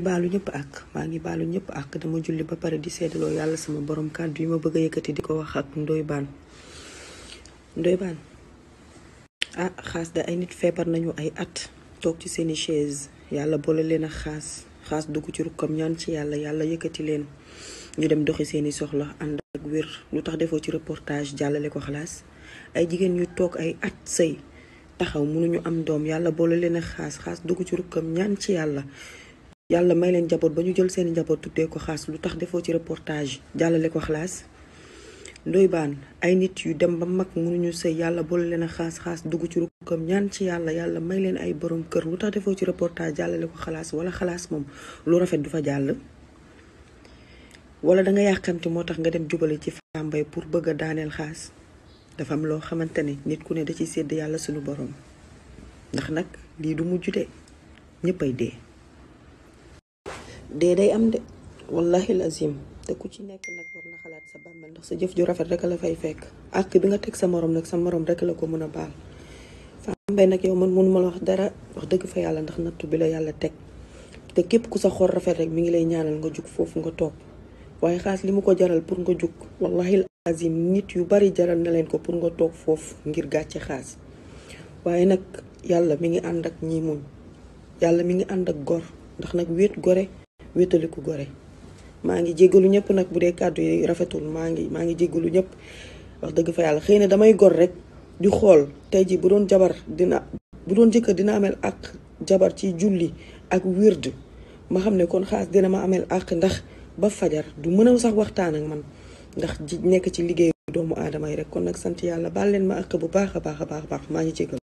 maa ngi ñëpp ak maa ngi baalu ñëpp ak dama julli ba pare di seedaloo yàlla sama borom kàddu yi bëgg a yëkkati di ko wax ak Ndoye Bane Ndoye ah ay nit feebar nañu ay at toog ci seeni chaise yàlla boole leen ak xaas xaas dugg ci rukkam ñaan ci yàlla yàlla yëkkati leen ñu dem doxi seeni soxla ànd ak wér lu tax defoo ci reportage jàllale ko xalaas ay jigéen ñu toog ay at sëy taxaw mënuñu am doom yàlla boole leen ak xaas dugg ci rukkam ñaan ci yàlla yàlla may leen njaboot ba ñu jël seeni njaboot tuddee ko xaas lu tax defoo ci reportage jàllale ko xalaas ndoy baan ay nit yu dem ba mag mënuñu sëy yàlla boole leen a xaas xaas dugg ci rukkam ñaan ci yàlla yàlla may leen ay borom kër lu tax defoo ci reportage jàllale ko xalaas wala xalaas moom lu rafet du fa jàll wala danga yàqamti moo tax nga dem jubale ci Fambaye pour bëgg a daaneel xaas dafa am loo xamante ne nit ku ne da ciy sédd yàlla sunu borom ndax nag lii du mujj de ñëppay dee dee day am de wallahi lazim te ku ci nekk nag na xalaat sa bàmmeel ndax sa jëf ju rafet rek la fay fekk ak bi nga teg sa morom nag sa morom rek la ko mën a baal Fambaye nag yow man mënuma la wax dara wax dëgg fa yàlla ndax nattu bi la yàlla teg te képp ku sa xor rafet rek mi ngi lay ñaanal nga jug foofu nga toog waaye xaas li mu ko jaral pour nga jug wallahi lazim nit yu bari jaral na leen ko pour nga toog foofu ngir gàcce xaas waaye nag yàlla mi ngi ànd ak ñi muñ yàlla mi ngi ànd ak gor ndax nag wéet gore wéetaliku gore maa ngi jéggalu ñëpp nag bu dee kàddu yi rafetul maa ngi maa ngi jéggalu ñëpp wax dëgg fa yàlla xëy na damay gor rek di xool tey ji bu doon jabar dina bu doon jëkkër dina amel ak jabar ci julli ak wird ma xam ne kon xaas dina ma amel ak ndax ba fajar du mën a sax waxtaan ak man ndax ji nekk ci liggéey doomu aadama yi rek kon nag sant yàlla baal leen ma ak bu baax a baax a baax maa ngi jéggalu